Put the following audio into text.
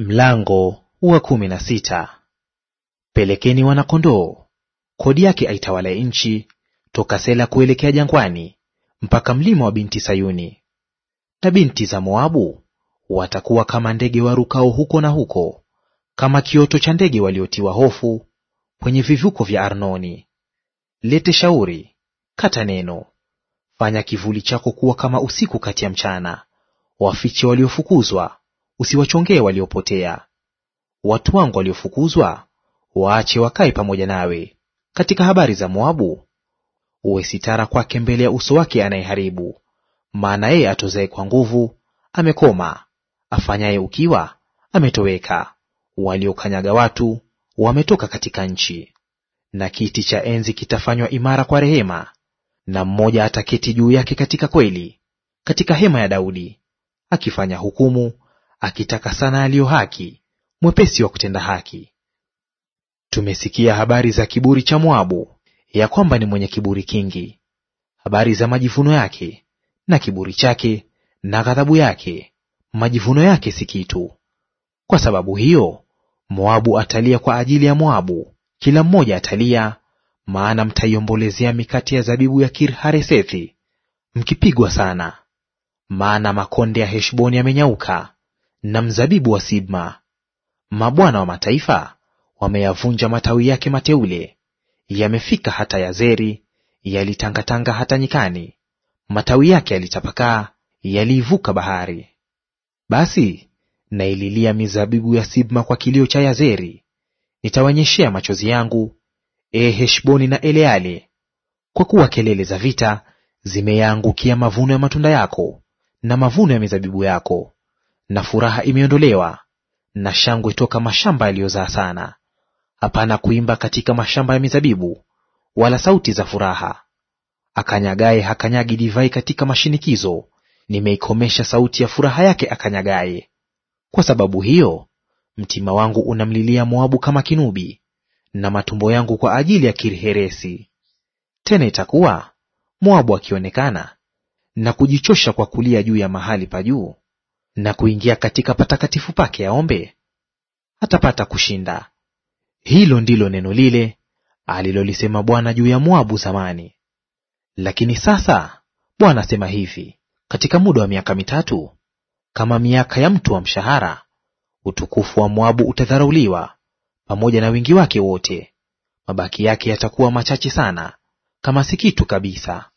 Mlango wa kumi na sita. Pelekeni wanakondoo, kodi yake aitawala nchi, toka Sela kuelekea jangwani, mpaka mlima wa binti Sayuni. Na binti za Moabu watakuwa kama ndege warukao huko na huko, kama kioto cha ndege waliotiwa hofu kwenye vivuko vya Arnoni. Lete shauri, kata neno, fanya kivuli chako kuwa kama usiku kati ya mchana, wafiche waliofukuzwa Usiwachongee waliopotea. Watu wangu waliofukuzwa waache wakae pamoja nawe. Katika habari za Moabu, uwe sitara kwake mbele ya uso wake anayeharibu. Maana yeye atozaye kwa nguvu amekoma, afanyaye ukiwa ametoweka. Waliokanyaga watu wametoka katika nchi. Na kiti cha enzi kitafanywa imara kwa rehema, na mmoja ataketi juu yake katika kweli, katika hema ya Daudi, akifanya hukumu akitaka sana aliyo haki, mwepesi wa kutenda haki. Tumesikia habari za kiburi cha Moabu, ya kwamba ni mwenye kiburi kingi, habari za majivuno yake na kiburi chake na ghadhabu yake, majivuno yake si kitu. Kwa sababu hiyo Moabu atalia kwa ajili ya Moabu, kila mmoja atalia, maana mtaiombolezea mikati ya zabibu ya Kir-Haresethi mkipigwa sana, maana makonde ya Heshboni yamenyauka, na mzabibu wa Sibma. Mabwana wa mataifa wameyavunja matawi yake mateule, yamefika hata Yazeri, yalitangatanga hata nyikani, matawi yake yalitapakaa, yaliivuka bahari. Basi naililia mizabibu ya Sibma kwa kilio cha Yazeri, nitawanyeshea machozi yangu, e Heshboni na Eleale, kwa kuwa kelele za vita zimeyaangukia mavuno ya matunda yako na mavuno ya mizabibu yako na furaha imeondolewa na shangwe toka mashamba yaliyozaa sana. Hapana kuimba katika mashamba ya mizabibu, wala sauti za furaha. Akanyagaye hakanyagi divai katika mashinikizo, nimeikomesha sauti ya furaha yake akanyagaye. Kwa sababu hiyo mtima wangu unamlilia Moabu kama kinubi, na matumbo yangu kwa ajili ya Kirheresi. Tena itakuwa Moabu akionekana na kujichosha kwa kulia juu ya mahali pa juu, na kuingia katika patakatifu pake aombe, hatapata kushinda. Hilo ndilo neno lile alilolisema Bwana juu ya Moabu zamani. Lakini sasa Bwana asema hivi, katika muda wa miaka mitatu, kama miaka ya mtu wa mshahara, utukufu wa Moabu utadharauliwa pamoja na wingi wake wote, mabaki yake yatakuwa machache sana, kama si kitu kabisa.